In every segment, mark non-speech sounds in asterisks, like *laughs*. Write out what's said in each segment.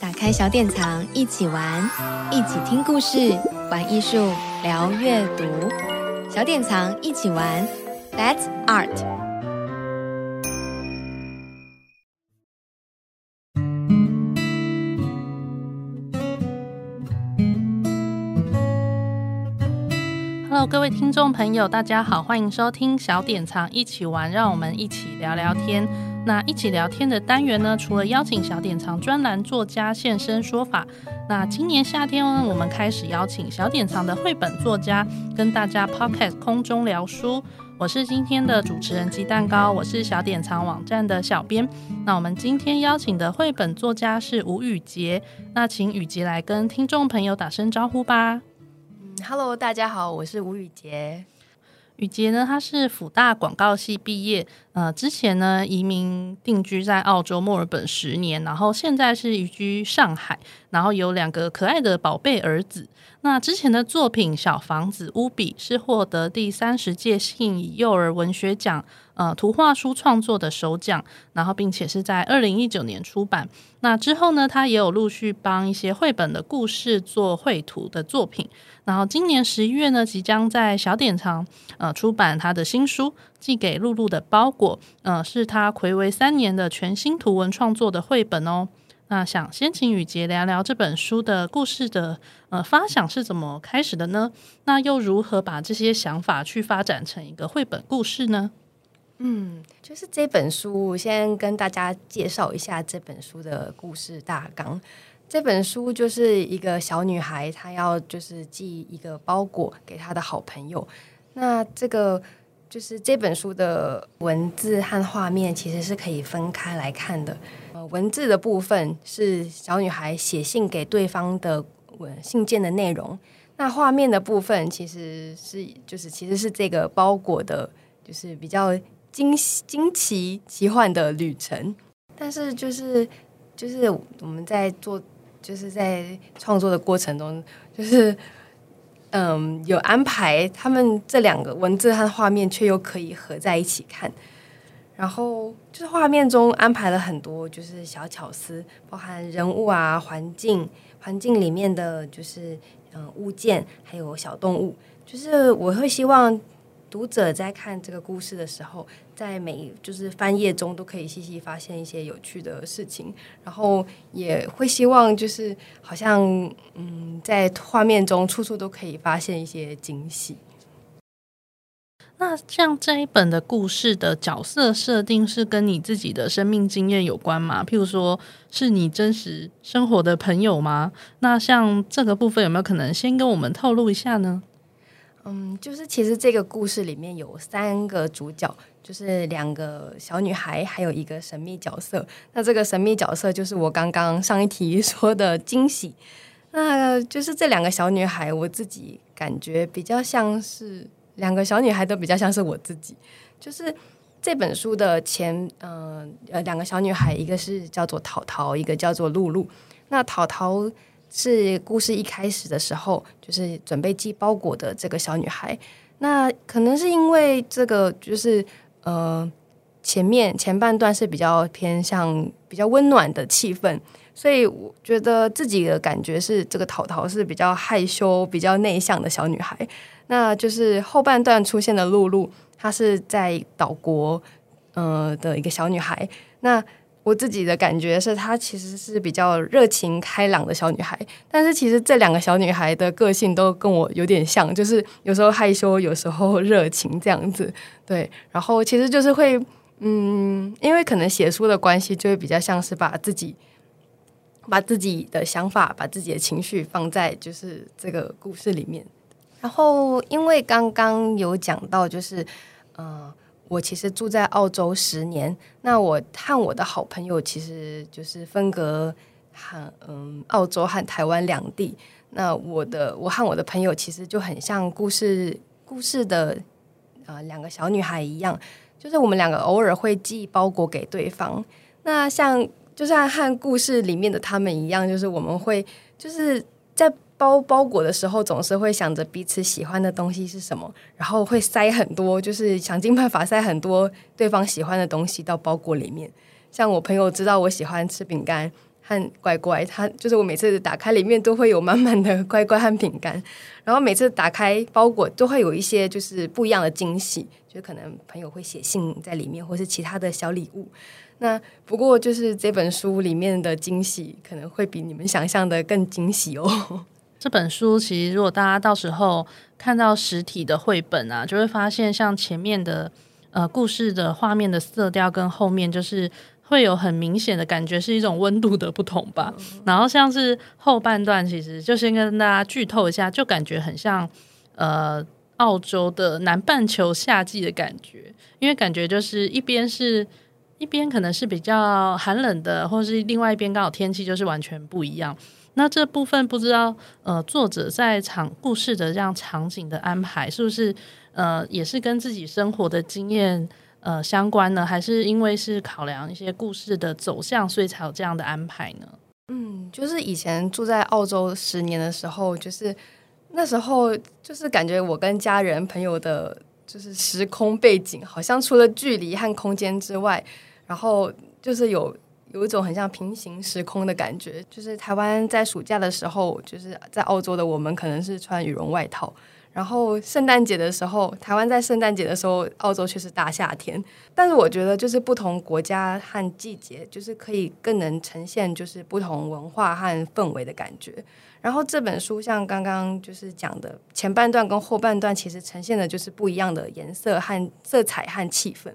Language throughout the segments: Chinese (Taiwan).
打開小典藏，一起玩，一起聽故事，玩藝術，聊閱讀。小典藏，一起玩，That's Art。各位聽眾朋友，大家好，歡迎收聽小典藏一起玩，讓我們一起聊聊天。那一起聊天的單元呢，除了邀請小典藏專欄作家現身說法，那今年夏天呢，我們開始邀請小典藏的繪本作家跟大家 Podcast 空中聊書。我是今天的主持人雞蛋糕，我是小典藏網站的小編。那我們今天邀請的繪本作家是吳語緁，那請語緁來跟聽眾朋友打聲招呼吧。Hello，大家好，我是吳語緁。語緁呢，他是輔大廣告系畢業。呃，之前呢移民定居在澳洲墨爾本十年，然後現在是移居上海，然後有兩個可愛的寶貝兒子。那之前的作品《小房子》《烏比》是獲得第三十屆信誼幼兒文學獎。呃，圖畫書創作的首獎，然後並且是在二零一九年出版。那之後呢，他也有陸續幫一些繪本的故事做繪圖的作品。然後今年十一月呢，即將在小典藏呃出版他的新書《寄給露露的包裹》。呃，是他睽違三年的全新圖文創作的繪本哦。那想先請語緁聊聊這本書的故事的呃發想是怎麼開始的呢？那又如何把這些想法去發展成一個繪本故事呢？嗯，就是這本書，我先跟大家介紹一下這本書的故事大綱。這本書就是一個小女孩，她要就是寄一個包裹給她的好朋友。那這個就是這本書的文字和畫面，其實是可以分開來看的。呃，文字的部分是小女孩寫信給對方的文信件的內容。那畫面的部分其實是就是其實是這個包裹的，就是比較。驚驚奇奇幻的旅程，但是就是就是我們在做，就是在創作的過程中，就是嗯有安排，他們這兩個文字和畫面卻又可以合在一起看，然後就是畫面中安排了很多就是小巧思，包含人物啊、環境、環境裡面的就是嗯物件，還有小動物，就是我會希望。讀者在看這個故事的時候，在每就是翻頁中都可以細細發現一些有趣的事情，然後也會希望就是好像嗯，在畫面中處處都可以發現一些驚喜。那像這一本的故事的角色設定是跟你自己的生命經驗有關嗎？譬如說是你真實生活的朋友嗎？那像這個部分有沒有可能先跟我們透露一下呢？嗯，就是其實這個故事裡面有三個主角，就是兩個小女孩，還有一個神秘角色。那這個神秘角色就是我剛剛上一題說的驚喜。那就是這兩個小女孩，我自己感覺比較像是兩個小女孩都比較像是我自己。就是這本書的前，嗯呃，兩個小女孩，一個是叫做淘淘，一個叫做露露。那淘淘。是故事一開始的時候，就是準備寄包裹的這個小女孩。那可能是因為這個就是呃前面前半段是比較偏向比較溫暖的氣氛，所以我覺得自己的感覺是這個淘淘是比較害羞，比較內向的小女孩。那就是後半段出現的露露，她是在島國呃的一個小女孩。那我自己的感覺是，她其實是比較熱情開朗的小女孩。但是其實這兩個小女孩的個性都跟我有點像，就是有時候害羞，有時候熱情這樣子。對，然後其實就是會，嗯，因為可能寫書的關係，就會比較像是把自己把自己的想法、把自己的情緒放在就是這個故事裡面。然後因為剛剛有講到，就是嗯。呃我其實住在澳洲十年，那我和我的好朋友其實就是分隔和，嗯，澳洲和台灣兩地。那我的我和我的朋友其實就很像故事故事的啊、呃、兩個小女孩一樣，就是我們兩個偶爾會寄包裹給對方。那像就像和故事裡面的他們一樣，就是我們會就是在。包包裹的時候，總是會想着彼此喜歡的東西是什麼，然後會塞很多，就是想盡辦法塞很多對方喜歡的東西到包裹裡面。像我朋友知道我喜歡吃餅乾和乖乖，他就是我每次打開裡面都會有滿滿的乖乖和餅乾，然後每次打開包裹都會有一些就是不一樣的驚喜，就可能朋友會寫信在裡面，或是其他的小禮物。那不過就是這本書裡面的驚喜可能會比你們想象的更驚喜哦。這本書其實，如果大家到時候看到實體的繪本啊，就會發現像前面的呃故事的畫面的色調，跟後面就是會有很明顯的感覺，是一種溫度的不同吧。嗯、然後像是後半段，其實就先跟大家劇透一下，就感覺很像呃澳洲的南半球夏季的感覺，因為感覺就是一邊是一邊可能是比較寒冷的，或是另外一邊剛好天氣就是完全不一樣。那這部分不知道，呃，作者在場故事的這樣場景的安排是不是呃也是跟自己生活的經驗呃相關呢？還是因為是考量一些故事的走向，所以才有這樣的安排呢？嗯，就是以前住在澳洲十年的時候，就是那時候就是感覺我跟家人朋友的，就是時空背景好像除了距離和空間之外，然後就是有。有一種很像平行時空的感覺，就是台灣在暑假的時候，就是在澳洲的我們可能是穿羽絨外套，然後聖誕節的時候，台灣在聖誕節的時候，澳洲卻是大夏天。但是我覺得，就是不同國家和季節，就是可以更能呈現就是不同文化和氛圍的感覺。然後這本書像剛剛就是講的前半段跟後半段，其實呈現的就是不一樣的顏色和色彩和氣氛。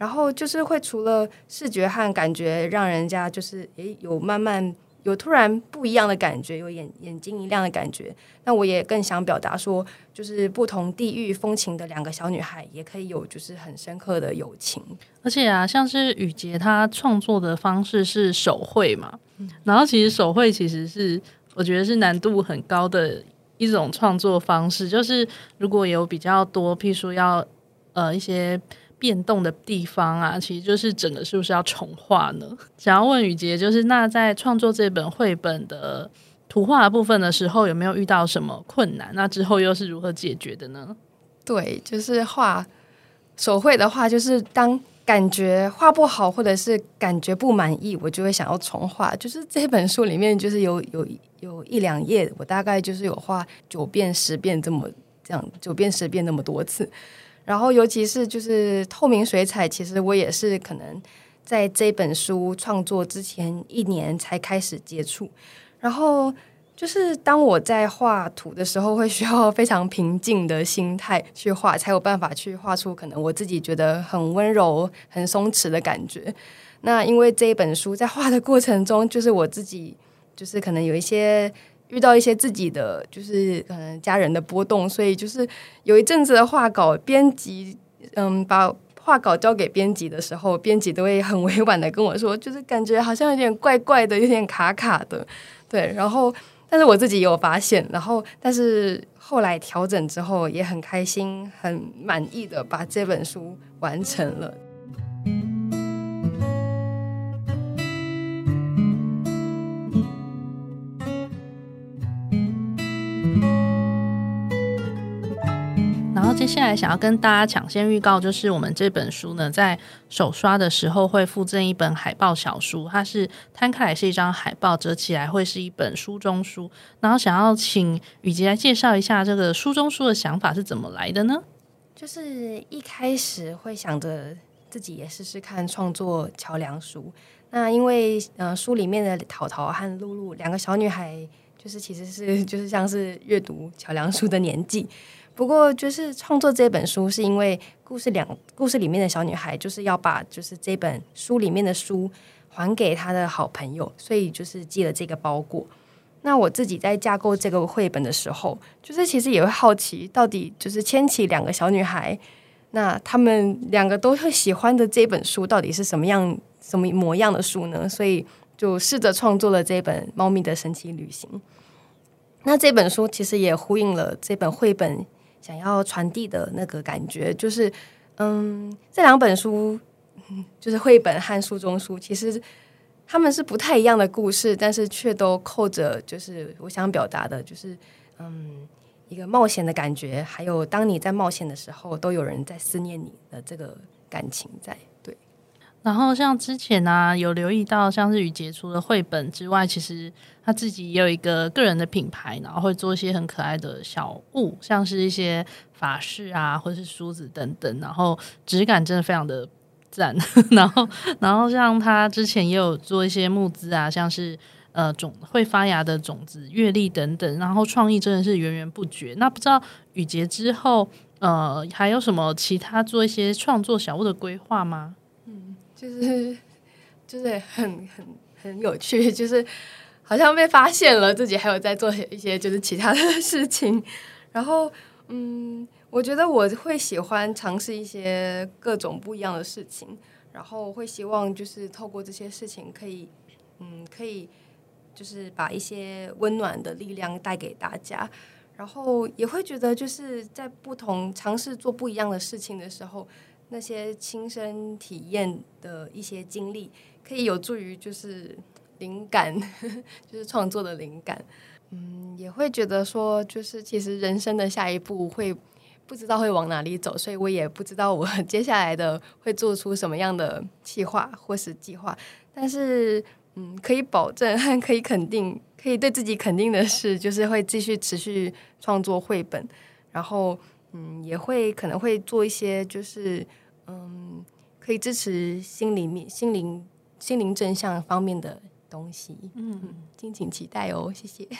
然後就是會除了視覺和感覺，讓人家就是誒有慢慢有突然不一樣的感覺，有眼眼睛一亮的感覺。那我也更想表達說，就是不同地域風情的兩個小女孩也可以有就是很深刻的友情。而且啊，像是語緁她創作的方式是手繪嘛、嗯，然後其實手繪其實是我覺得是難度很高的一種創作方式。就是如果有比較多，譬如說要呃一些。變動的地方啊，其實就是整個是不是要重畫呢？想要問語緁，就是那在創作這本繪本的圖畫部分的時候，有沒有遇到什麼困難？那之後又是如何解決的呢？對，就是畫手繪的話，就是當感覺畫不好，或者是感覺不滿意，我就會想要重畫。就是這本書裡面，就是有有有一兩頁，我大概就是有畫九遍、十遍這麼這樣，九遍、十遍那麼多次。然後，尤其是就是透明水彩，其實我也是可能在這本書創作之前一年才開始接觸。然後，就是當我在畫圖的時候，會需要非常平靜的心態去畫，才有辦法去畫出可能我自己覺得很溫柔、很鬆弛的感覺。那因為這一本書在畫的過程中，就是我自己就是可能有一些。遇到一些自己的，就是可能家人的波動，所以就是有一陣子的畫稿編輯，嗯，把畫稿交給編輯的時候，編輯都會很委婉的跟我說，就是感覺好像有點怪怪的，有點卡卡的，對。然後，但是我自己有發現，然後但是後來調整之後，也很開心、很滿意的把這本書完成了。然後接下來想要跟大家搶先預告，就是我們這本書呢，在首刷的時候會附贈一本海報小書，它是攤開來是一張海報，折起來會是一本書中書。然後想要請語緁來介紹一下這個書中書的想法是怎麼來的呢？就是一開始會想着自己也試試看創作橋梁書，那因為呃，書裡面的淘淘和露露兩個小女孩，就是其實是就是像是閱讀橋梁書的年紀。不過，就是創作這本書，是因為故事兩故事裡面的小女孩，就是要把就是這本書裡面的書還給她的好朋友，所以就是寄了這個包裹。那我自己在架構這個繪本的時候，就是其實也會好奇，到底就是牽起兩個小女孩，那她們兩個都會喜歡的這本書，到底是什麼樣、什麼模樣的書呢？所以就試着創作了這本《貓咪的神奇旅行》。那這本書其實也呼應了這本繪本。想要傳遞的那個感覺，就是，嗯，這兩本書，就是繪本和書中書，其實他們是不太一樣的故事，但是卻都扣着，就是我想表達的，就是，嗯，一個冒險的感覺，還有當你在冒險的時候，都有人在思念你的這個感情在。然後像之前呢、啊，有留意到，像是語緁除了繪本之外，其實他自己也有一個個人的品牌，然後會做一些很可愛的小物，像是一些法式啊，或者是梳子等等，然後質感真的非常的讚。然後，然後像他之前也有做一些募資啊，像是呃種會發芽的種子、月曆等等，然後創意真的是源源不絕。那不知道語緁之後呃還有什麼其他做一些創作小物的規劃嗎？就是，就是很很很有趣，就是好像被發現了自己還有在做一些就是其他的事情，然後嗯，我覺得我會喜歡嘗試一些各種不一樣的事情，然後會希望就是透過這些事情可以嗯，可以就是把一些溫暖的力量帶給大家，然後也會覺得就是在不同嘗試做不一樣的事情的時候。那些親身體驗的一些經歷，可以有助於就是靈感，就是創作的靈感。嗯，也會覺得說，就是其實人生的下一步會不知道會往哪裡走，所以我也不知道我接下來的會做出什麼樣的計劃或是計劃。但是，嗯，可以保證，可以肯定，可以對自己肯定的是，就是會繼續持續創作繪本，然後。嗯，也會可能會做一些，就是嗯，可以支持心裡面心靈心靈正向方面的東西。嗯，敬請期待哦，謝謝。嗯、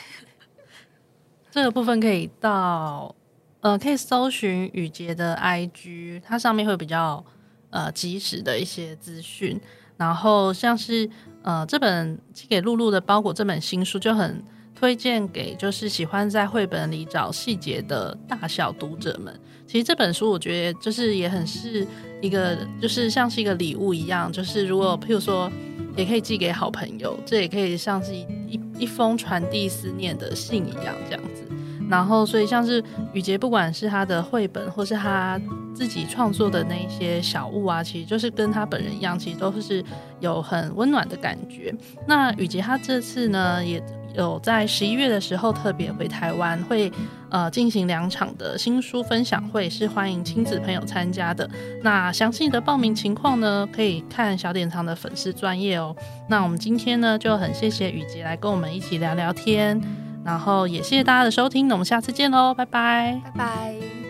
*laughs* 這個部分可以到，呃，可以搜尋語緁的 IG，它上面會有比較呃及時的一些資訊。然後像是呃，這本寄給露露的包裹，這本新書就很。推薦給就是喜歡在繪本裡找細節的大小讀者們。其實這本書我覺得就是也很是一個就是像是一個禮物一樣，就是如果譬如說也可以寄給好朋友，這也可以像是一一封傳遞思念的信一樣這樣子。然後所以像是語緁，不管是他的繪本或是他自己創作的那些小物啊，其實就是跟他本人一樣，其實都是有很溫暖的感覺。那語緁他這次呢也。有在十一月的時候特別回台灣，會呃進行兩場的新書分享會，是歡迎親子朋友參加的。那詳細的報名情況呢，可以看小典藏的粉絲專頁哦。那我們今天呢就很謝謝語緁來跟我們一起聊聊天，然後也謝謝大家的收聽，那我們下次見嘍，拜拜，拜拜。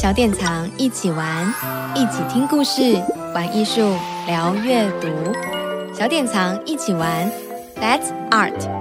小典藏一起玩，一起聽故事，玩藝術，聊閱讀。小典藏一起玩，That's Art。